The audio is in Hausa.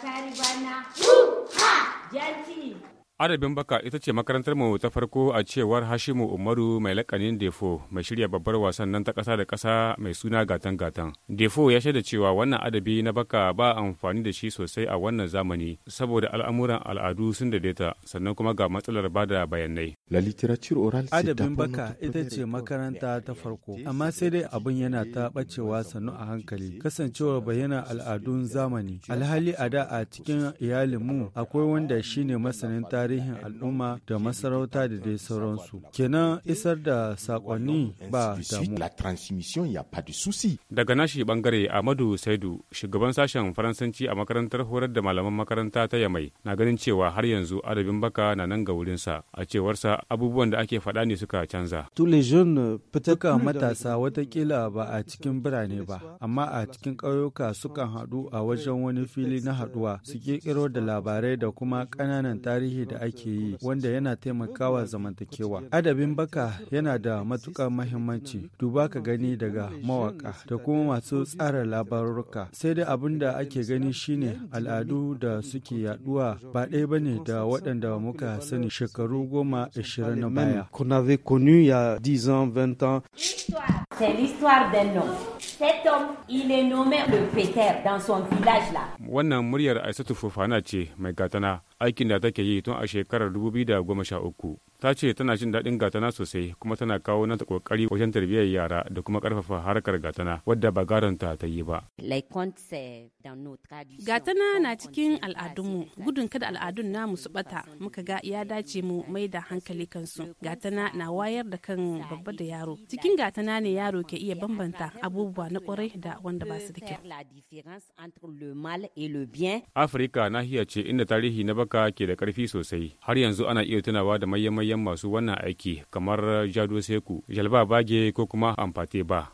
Karibana. Woo! Ha! Jansi. Adabin baka ita ce makarantar mu ta farko a cewar Hashimu Umaru mai lakanin Defo mai shirya babbar wasan nan ta kasa da kasa mai suna gatan gatan. Defo ya shaida cewa wannan adabi na baka ba amfani da shi sosai a wannan zamani saboda al'amuran al'adu sun daidaita sannan kuma ga matsalar bada bayanai. Adabin baka ita ce makaranta ta farko amma sai dai abin yana ta bacewa sannu a hankali kasancewar bayyana al'adun zamani alhali a da a cikin iyalinmu akwai wanda shine masanin tarihi tarihin al'umma da masarauta da dai sauransu kenan isar da sakonni ba damu daga nashi bangare amadu saidu shugaban sashen faransanci a makarantar horar da malaman makaranta ta yamai na ganin cewa har yanzu adabin baka na nan ga wurinsa a cewarsa abubuwan da ake faɗa ne suka canza duka matasa watakila ba a cikin birane ba amma a cikin ƙauyuka sukan haɗu a wajen wani fili na haɗuwa su ƙirƙiro da labarai da kuma ƙananan tarihi da da ake yi wanda yana taimakawa zamantakewa. Adabin baka yana da matuƙar mahimmanci duba ka gani daga mawaka da kuma masu tsara labaruka. Sai dai abin da ake gani shine al'adu da suke yaduwa ba ɗaya bane da waɗanda muka sani shekaru goma ashirin na baya. Qu'on avait connu il y a 10 ans, 20 ans. C'est l'histoire d'un homme. Cet il est nommé le Peter dans son village là. Wannan muryar Aisatu Fofana ce mai gatana aikin da take yi tun a shekarar 2013 ta ce tana jin daɗin gatana sosai kuma tana kawo nata kokari wajen tarbiyyar yara da kuma karfafa harkar gatana wadda ba garanta ta yi ba euh, gatana na cikin al'adunmu gudun kada al'adun namu su bata muka ga ya dace mu mai da hankali kansu gatana na wayar da kan babba da yaro cikin gatana ne yaro ke iya bambanta abubuwa na kwarai da wanda ba su da kyau afirka nahiya ce inda tarihi na mafaka ke da ƙarfi sosai. Har yanzu ana iya tunawa da mayyan masu wannan aiki kamar Jado Seku, Jalba Bage ko kuma Amfate Ba.